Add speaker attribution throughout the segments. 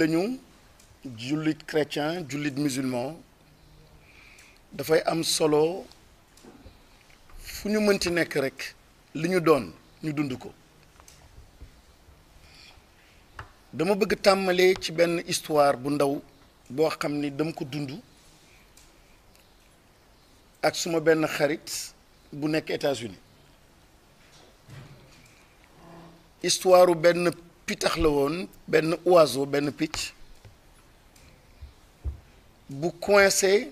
Speaker 1: lañu jullit chrétien jullit musulman dafay am solo fu ñu mënti nekk rekk li ñu doon ñu dund ko dama bëgg tàmbalee ci benn histoire bu ndaw boo xam ni dam ko dund ak suma benn xarit bu nekk États-Unis benn pitax la woon benn oiseau benn picc bu coincé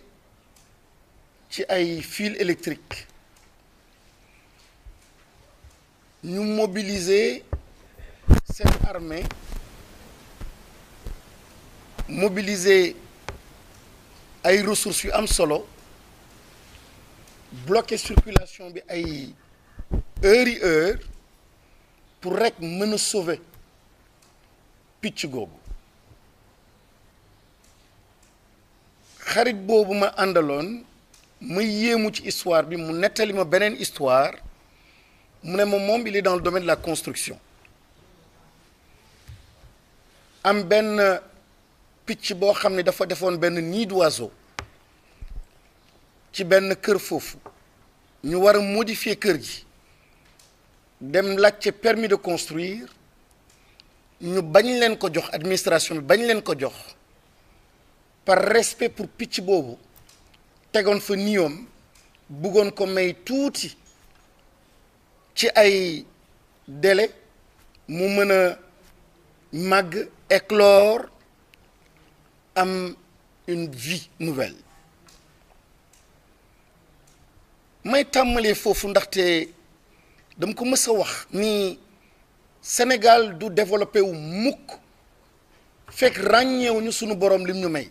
Speaker 1: ci ay fil électrique ñu mobiliser cet armée mobiliser ay ressources yu am solo bloquer circulation bi ay heures yi heure pour rekk mën a sauver picc googu xarit boobu ma àndaloon ma yéemu ci histoire bi mu nettali ma beneen histoire mu ne ma moom il est dans le domaine de la construction am benn picc boo xam ne dafa defoon benn nid d'oiseau ci benn kër foofu ñu war a modifier kër gi dem laajte permis de construire ñu bañ leen ko jox administration bi bañ leen ko jox par respect pour picc boobu tegoon fa niyoom buggoon ko may tuuti ci ay délai mu mën a màgg éclore am une vie nouvelle may tàmmalee foofu ndaxte dama ko mës a wax nii Sénégal du développé wu mukk fekk ràññeewuñu sunu borom lim ñu may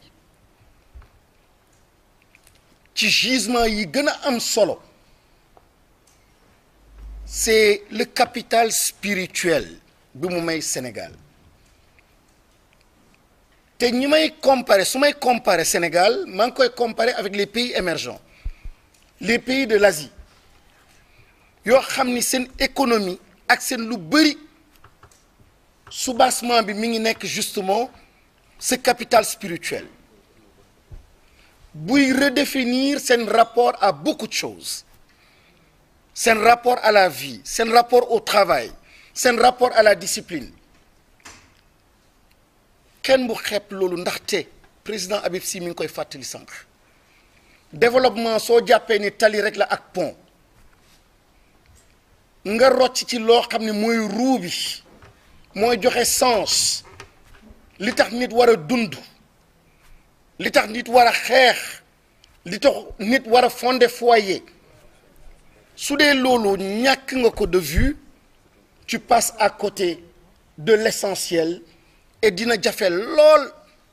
Speaker 1: ci gisement yi gën a am solo c'est le capital spirituel bi mu may Sénégal te ñi may comparer su may comparer Sénégal maa ngi koy comparer avec les pays émergents les pays de l'Asie yoo xam ni seen économie ak seen lu bëri soubassement bi mi ngi nekk justement ce capital spirituel buy redéfinir seen rapport a beaucoup de choses seen rapport à la vie seen rapport au travail seen rapport à la discipline kenn bu xeeb loolu ndaxte président Habib Sy mi ngi koy fàttali sànq développement soo jàppee ni tali rekk la ak pont nga rocc ci loo xam ne mooy ruu bi mooy joxe sens li tax nit war a dund li tax nit war a xeex li tax nit war a fonder foyer su dee loolu ñàkk nga ko de vue tu passes à côté de l'essentiel et dina jafe lool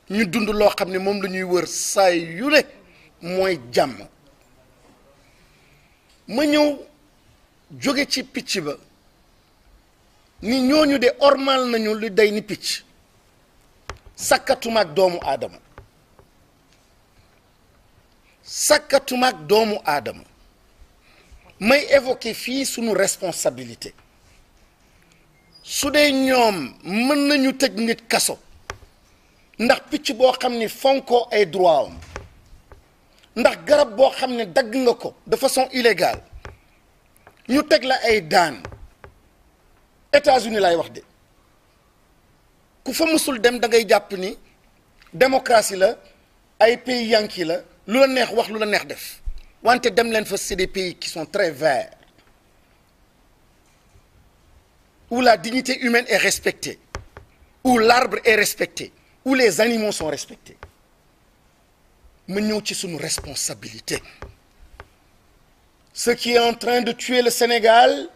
Speaker 1: ñu dund loo xam ne moom la ñuy wër saay yu mooy jàmm ma ñëw jóge ci picc ba ni ñooñu de ormal nañu lu day ni picc sakkatumaak doomu aadama sakkatumaak doomu aadama may évoquer fii sunu responsabilité su dee ñoom mën nañu tëj nit kaso ndax picc boo xam ni fonkoo ay droit am ndax garab boo xam ne dagg nga ko de façon illégale ñu teg la ay daan États-Unis laay wax de ku fa musul dem da ngay jàpp ni démocratie la ay pays yanki la lu la neex wax lu la neex def wante dem leen fa c'est des pays qui sont très verts où la dignité humaine est respectée où l'arbre est respecté où les animaux sont respectés ma ñëw ci suñu responsabilité ce qui est en train de tuer le Sénégal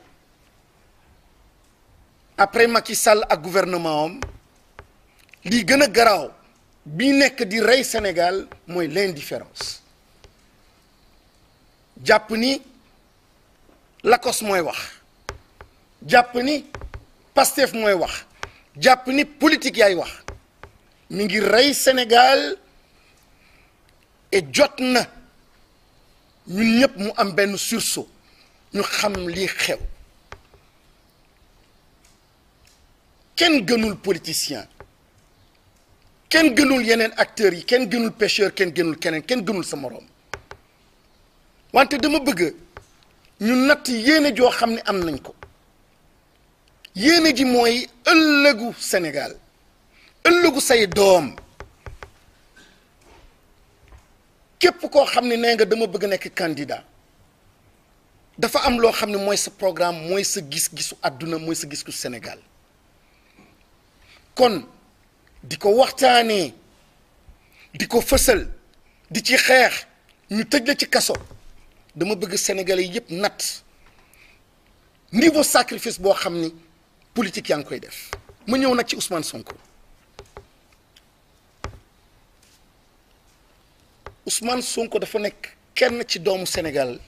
Speaker 1: après Macky sàll ak gouvernement am lii gën a garaaw bi nekk di rey Sénégal mooy l'indifférence jàpp ni lakos mooy wax jàpp ni Pastef mooy wax jàpp ni politique yaay wax mu ngi rey Sénégal et jot na ñu ñëpp mu am benn sursaut ñu xam lii xew kenn gënul politicien kenn gënul yeneen acteurs yi kenn gënul pêcheur kenn gënul keneen kenn gënul sa moroom wante dama bëgg ñu natt yéene joo xam ne am nañ ko yéene ji mooy ëllëgu Sénégal ëllëgu say doom képp koo xam ne nee nga dama bëgg nekk candidat dafa am loo xam ne mooy sa programme mooy sa gis-gisu àdduna mooy sa gis-gisu Sénégal kon di ko waxtaanee di ko fësal di ci xeex ñu tëj la ci kaso dama bëgg sénégalais yëpp natt niveau sacrifice boo xam ni politique yaa ngi koy def ma ñëw nag ci Ousmane Sonko Ousmane Sonko dafa nekk kenn ci doomu Sénégal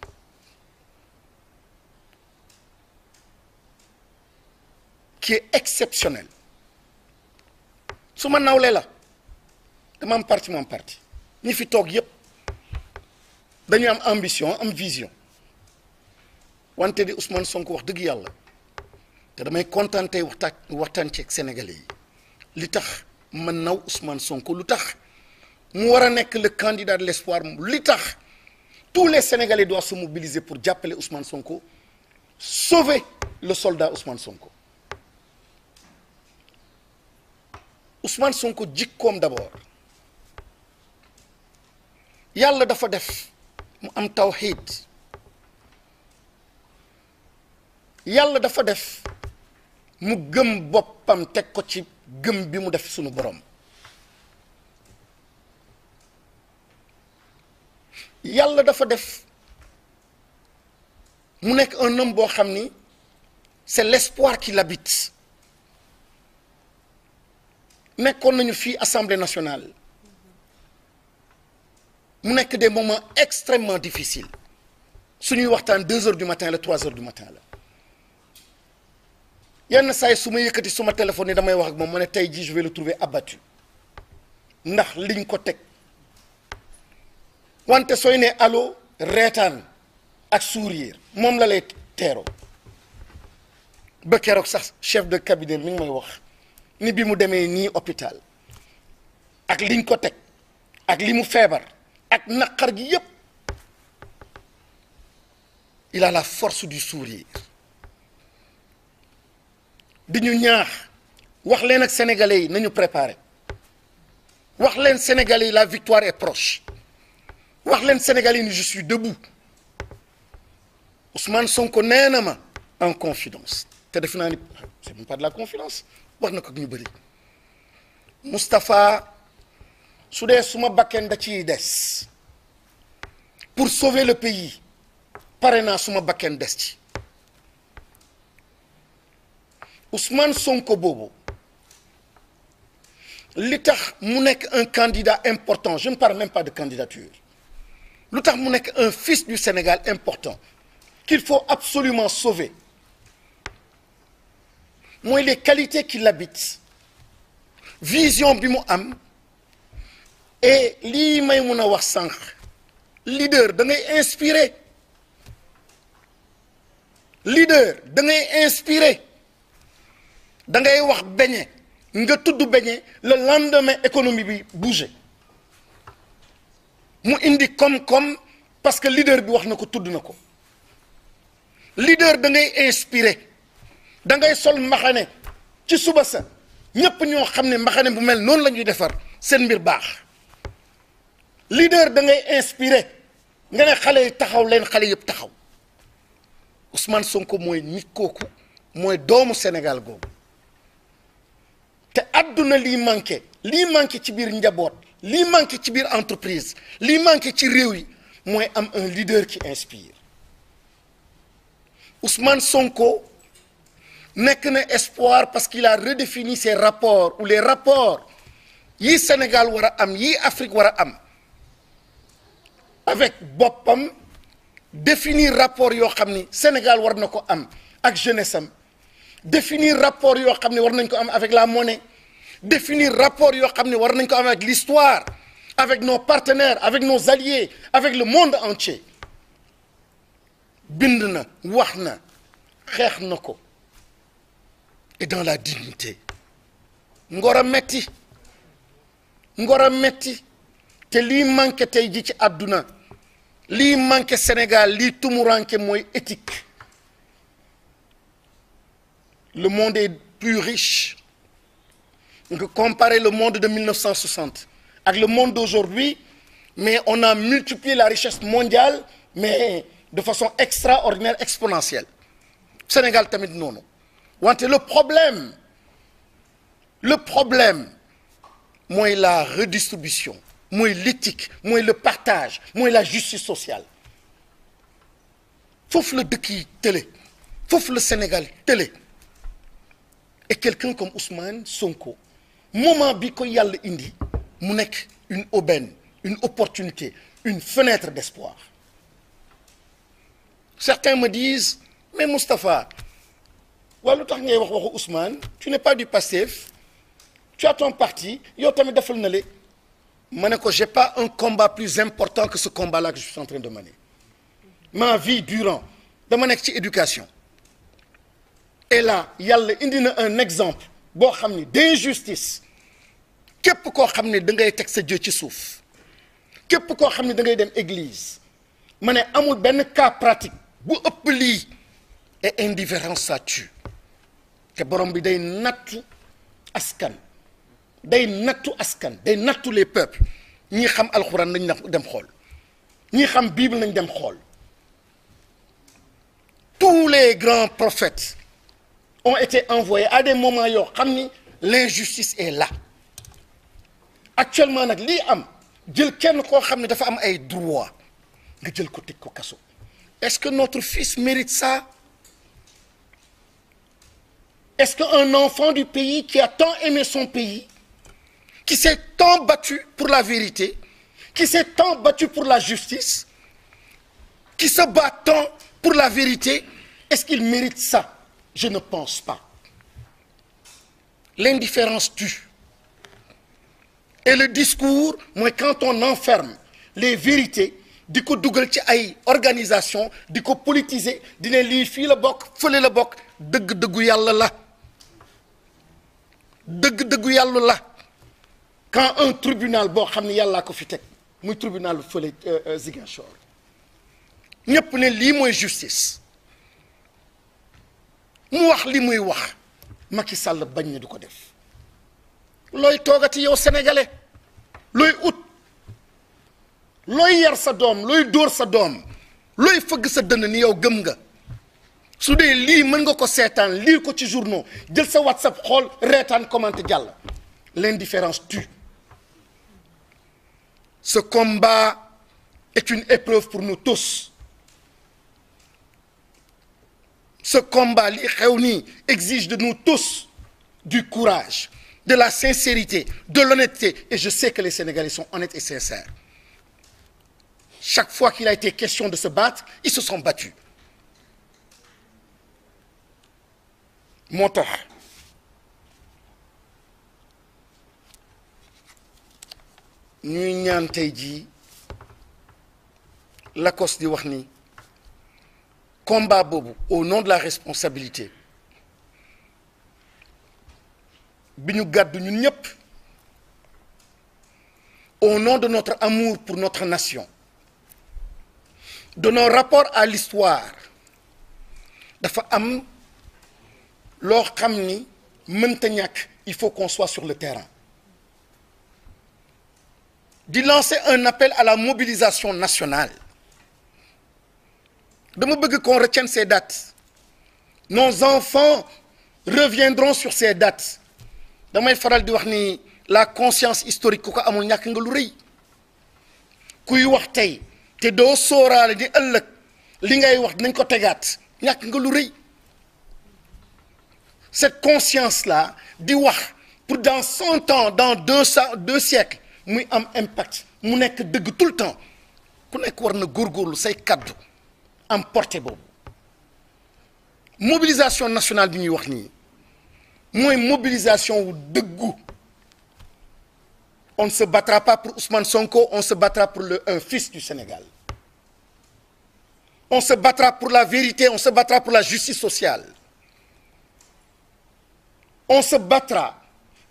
Speaker 1: qui est exceptionnel su ma nawlee la dama am parti ma am parti ñi fi toog yépp dañu am ambition am vision wante de Ousmane Sonko wax dëgg yàlla te damay kontaan tey waxtaan waxtaan ci ak yi li tax ma naw Ousmane Sonko lu tax mu war a nekk le candidat de l'espoir li tax tous les sénégalais doivent su mobiliser pour jàppale Ousmane Sonko sauver le soldat Ousmane Sonko. Ousmane Sonko jikkoom d'abord yàlla dafa def mu am tawxiid yàlla dafa def mu gëm boppam teg ko ci gëm bi mu def sunu boroom yàlla dafa def mu nekk un nëm boo xam ni c'est l'espoir qui l'habite nekkoon nañu fii assemblée nationale mu nekk des moments extrêmement difficiles suñuy waxtaan deux heures du matin la trois heures du matin la yenn saa yi su ma yëkkati suma téléphone yi damay wax ak moom ma ne tey jii je vais le trouver abattu ndax liñ ko teg wante sooy nee allo reetaan ak sourire moom la lay teeroo ba keroog sax chef de cabinet mi ngi may wax. ni bi mu demee nii hôpital ak liñ ko teg ak li mu feebar ak naqar gi yépp il a la force du sourire di ñu ñaax wax leen ak sénégalais yi nañu préparer wax leen sénégalais yi la victoire est proche wax leen sénégalais yi ni je suis debout Ousmane Sonko nee na en confidence te defe naa ni c'est même pas de la confidence wax na ko ñu bëri Moustapha su dee suma bakken da ciy des pour sauver le pays pare na suma bakken des ci Ousmane Sonko boobu li tax mu nekk un candidat important je ne parle même pas de candidature lu tax mu nekk un fils du Sénégal important qu'il faut absolument sauver mooy les qualités qui l'habitent vision bi mu am et lii may mun a wax sànq leader da ngay inspirer leader da ngay inspirer da ngay wax beñe nga tudd beñe le lendemain économie bi bouger mu indi koom-koom parce que leader bi wax na ko tudd na ko leader da ngay inspirer da ngay sol mbaxane ci suba sa ñépp ñoo xam ne mbaxane bu mel noonu la ñuy defar seen mbir baax leader da ngay inspiré nga ne xale yi taxaw leen xale yëpp taxaw Ousmane Sonko mooy nit kooku mooy doomu Sénégal googu te àdduna lii manqué lii manqué ci biir njaboot lii manqué ci biir entreprise lii manqué ci réew yi mooy am un leader qui inspire Ousmane Sonko. nekk na espoir parce qu'il a redéfini ses rapports ou les rapports yi Sénégal war a am yi Afrique war a am avec boppam définir rapport yoo xam ni Sénégal war na ko am ak jeunesse am définir rapport yoo xam ne war nañ ko am avec la monnaie définir rapport yoo xam ne war nañ ko am avec l'histoire avec nos partenaires avec nos alliés avec le monde entier bind na wax na xeex na ko et dans la dignité ngor a metti ngor te lii manqué tey ji ci àdduna lii manqué Sénégal lii tumuranke mooy éthique le monde est plus riche nga comparer le monde de 1960 ak le monde d'aujourd'hui mais on a multiplié la richesse mondiale mais de façon extraordinaire exponentielle Sénégal tamit noonu wante le problème le problème mooy la redistribution mooy l'éthique mooy le partage mooy la justice sociale foofu la dëkk yi tële foofu la Sénégal tële et quelqu'un comme Ousmane Sonko moment bi ko yàlla indi mu nekk une aubaine une opportunité une fenêtre d'espoir certains me disent mais Moustapha wala lu tax ngay wax waxu Ousmane tu n'es pas du Pastef tu as ton parti yow tamit defal na le ma ne ko j'ai pas un combat plus important que ce combat là que je suis en train de mener ma vie durant dama nekk ci éducation et là yàlla indi na un exemple boo xam ni d'injustice képp koo xam ne da ngay teg sa jë ci suuf képp koo xam ne da ngay dem église ma ne amul benn cas pratique bu ëpp lii et indifférence ça tue te borom bi day nattu askan day nattu askan day nattu les peuples ñii xam alxuraan nañ dem xool ñi xam bible nañ dem xool tous les grands prophètes ont été envoyés à des moments yoo xam ni l'injustice est là actuellement nag lii am jël kenn koo xam ne dafa am ay droit nga jël ko tëj ko kaso est-ce que notre fils mérite ça Est-ce qu'un enfant du pays qui a tant aimé son pays, qui s'est tant battu pour la vérité, qui s'est tant battu pour la justice, qui se bat tant pour la vérité, est-ce qu'il mérite ça Je ne pense pas. L'indifférence tue. Et le discours, moi, quand on enferme les vérités, di ko dugal ci ay organisation di ko politiser di ne lii fii la bokk fële la bokk dëgg yàlla la dëgg-dëggu yàlla la quand un tribunal boo xam ne yàllaa ko fi teg muy tribunal fële euh, euh, Ziguinchor ñépp ne lii mooy justice mu wax li muy wax Macky Sall bañ na du ko def looy toogati yow sénégalais looy ut looy yar sa doom looy dóor sa doom looy fëgg sa dënn ni yow gëm nga su dee lii mën nga ko seetaan lii ko ci journaux jël sa whatsapp xool retan commenté jàll l'indifférence tue ce combat est une épreuve pour nous tous ce combat li xew nii exige de nous tous du courage de la sincérité de l'honnêteté et je sais que les Sénégalais sont honnêtes et sincères chaque fois qu'il a été question de se battre ils se sont battus moo tax ñuy ñaan tey jii Lacoste di wax ni combat boobu au nom de la responsabilité bi ñu gàddu ñun ñëpp au nom de notre amour pour notre nation de nos à l'histoire dafa am loo xam ni mënta ñàkk il faut qu'on soit sur le terrain di lancer un appel à la mobilisation nationale dama bëgg qu'on retienne ces dates nos enfants reviendront sur ces dates damay faral di wax ni la conscience historique ku ko amul ñàkk nga lu rëy kuy wax tey te doo sóoraale di ëllëg li ngay wax dinañ ko tegaat ñàkk nga lu rëy cette conscience la di wax pour dans cent ans dans deux deux siècles muy am impact mu nekk dëgg tout le temps ku nekk war na lu say kaddu am portée boobu mobilisation nationale bi ñuy wax nii mooy mobilisation wu dëggu on ne se battra pas pour Ousmane Sonko on se battra pour le un fils du Sénégal on se battra pour la vérité on se battra pour la justice sociale on se battra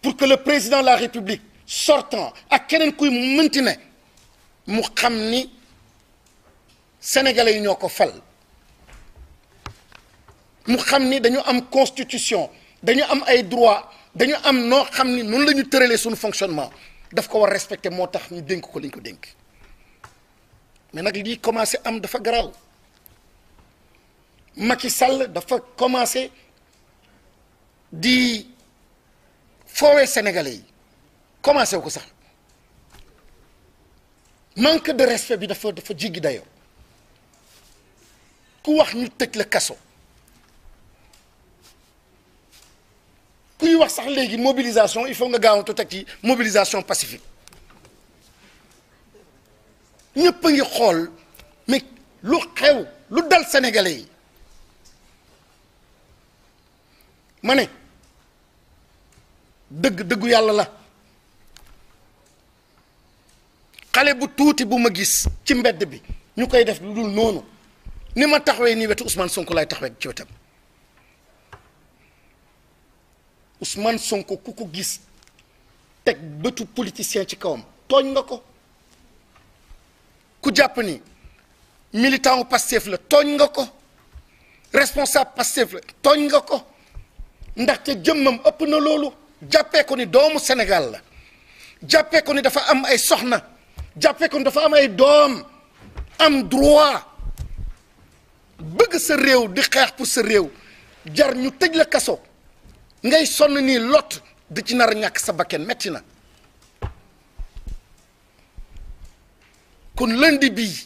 Speaker 1: pour que le président de la république sortant ak keneen kuy mënti ne mu xam ni sénégalais yi ñoo ko fal mu xam ni dañu am constitution dañu am ay droit dañu am noo xam ni noonu la ñu tëralee suñu fonctionnement daf ko war respecter moo tax ñu dénk ko li ko dénk mais nag lii commencé am dafa garal Macky Sall dafa commencé di foowee sénégalais yi commencé wu ko sax manque de respect bi dafa dafa jéggi dayoo ku wax ñu tëj la kaso kuy wax sax léegi mobilisation il faut nga gaawantu teg ci mobilisation pacifique ñëpp a ngi xool mais lu xew lu dal sénégalais yi ma ne dëgg dëggu yàlla la xale bu tuuti bu ma gis ci mbedd bi ñu koy def lu dul noonu ni ma taxawee nii wetu Ousmane Sonko laay taxawee ci wetam Ousmane Sonko ku ko gis teg bëtu politicien ci kawam tooñ nga ko ku jàpp ni militant wu la tooñ nga ko responsable Pastef la tooñ nga ko ndaxte jëmmam ëpp na loolu jàppee ko ni doomu Sénégal la jàppee ko ni dafa am ay soxna jàppee ko ni dafa am ay doom am droit bëgg sa réew di xeex pour sa réew jar ñu tëj la kaso ngay sonn nii lot di ci nar a ñàkk sa bakken metti na kon lundi bii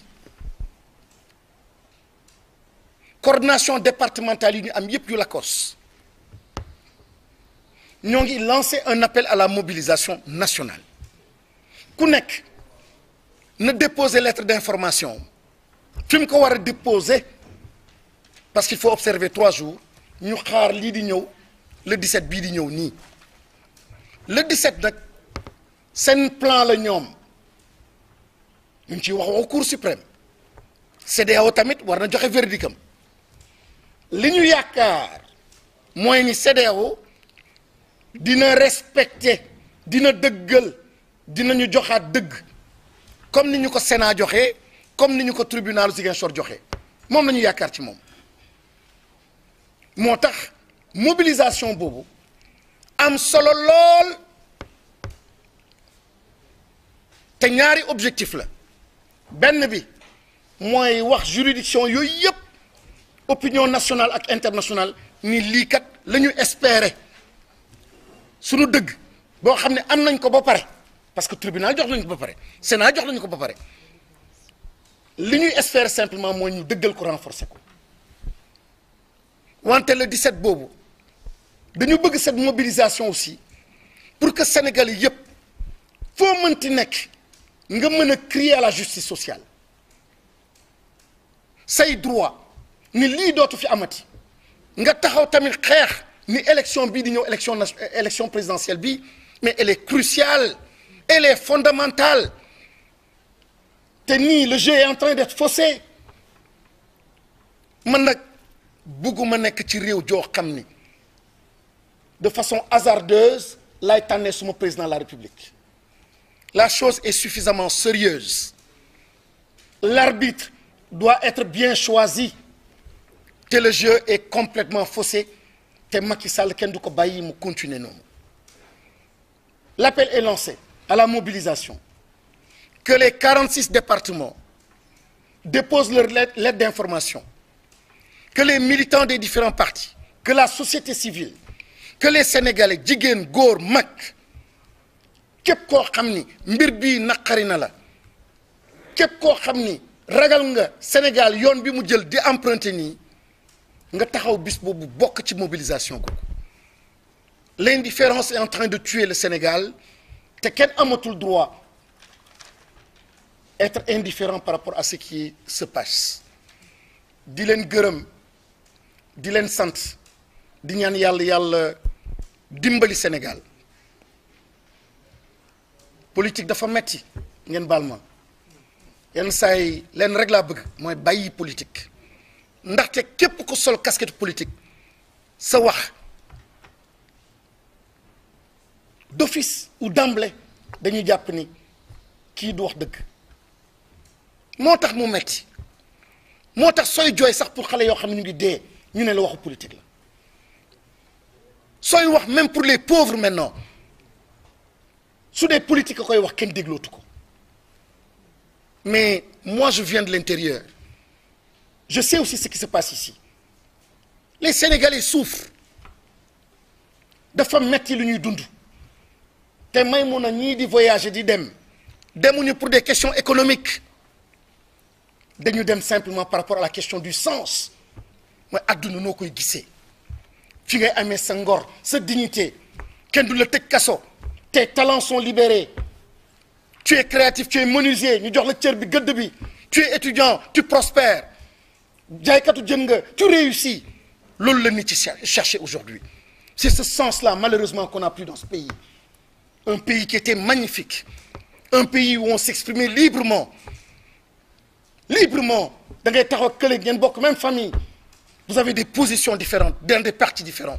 Speaker 1: coordination départementale yi ñu am yëpp yu la ñoo ngi lancer un appel à la mobilisation nationale ku nekk na déposer lettre d'information fi mu ko war a déposer parce qu'il faut observer trois jours ñu xaar lii di ñëw le 17 bii di ñëw nii le 17 nag seen plan la ñoom ñu ngi ciy wax waxu Cour suprême CEDEAO tamit war na joxe verdict am li ñu yaakaar mooy ni o dina respecter dina dëggal dinañu joxaat dëgg comme ni ñu ko Sénat joxee comme ni ñu ko tribunalu Ziguinchor joxe moom la ñu yaakaar ci moom moo tax mobilisation boobu am solo lool te ñaari objectif la benn bi mooy wax juridiction yooyu yëpp opinion nationale ak internationale ni lii kat la ñu espérer suñu dëgg boo xam ne am nañ ko ba pare parce que naa jox nañ ko ba pare Sénat jox nañ ko ba pare li ñuy espérer simplement mooy ñu dëggal ko renforcer ko wante le 17 boobu dañu bëgg set mobilisation aussi pour que Sénégal yi yëpp mën mënti nekk nga mën a crier à la justice sociale say droit ni lii dootu fi amati nga taxaw tamit xeex. ni élection bii di ñëw élection na élection présidentielle bi mais elle est cruciale elle est fondamentale te nii le jeu est en train d'être faussé man nag bugguma nekk ci réew joo xam ni de façon hasardeuse lay tànnee suma président de la république la chose est suffisamment sérieuse l'arbitre doit être bien choisi te le jeu est complètement faussé te Macky Sall kenn du ko bàyyi mu continuer noonu l'appel est lancé à la mobilisation que les 46 départements déposent leur lettre d'information que les militants des différents partis que la société civile que les Sénégalais jigéen góor mag képp koo xam ni mbir bii naqari na la képp koo xam ni ragal nga Sénégal yoon bi mu jël di emprunté nii nga taxaw bis boobu bokk ci mobilisation ko googu l'indifférence est en train de tuer le Sénégal te kenn amatul droit être indifférent par rapport à ce qui se passe di leen gërëm di leen sant di ñaan yàlla yàlla dimbali Sénégal politique dafa metti ngeen baal ma yenn saa yi leen rek laa bëgg mooy bàyyi politique ndaxte képp ko sol casquette politique sa wax d'office ou d'emblée dañuy jàpp ni kii du wax dëgg moo tax mu metti moo tax sooy jooy sax pour xale yoo xam ne ñu ngi dee ñu ne la waxu politique la sooy wax même pour les pauvres maintenant su dee politique a koy wax kenn déglootu ko mais moi je viens de l'intérieur Je sais aussi ce qui se passe ici. Les Sénégalais souffrent. dafa metti lu ñuy dund te may mun a ñii di voyager di dem demuñu pour des questions économiques dañu dem simplement par rapport à la question du sens mooy adduna noo koy gisee fi ngay amee sa ngor sa dignité kenn du la tëj kaso tes talents sont libérés tu es créatif tu es menuisier ñu jox la cër bi gëdd bi tu es étudiant tu prospères katu jën nga tu réussis loolu la nit ci chercher aujourd'hui c'est ce sens-là malheureusement qu'on n'a plus dans ce pays un pays qui était magnifique un pays où on s'exprimait librement librement da ngay taxaw kële ngeen bokk même famille vous avez des positions différentes dans des partis différents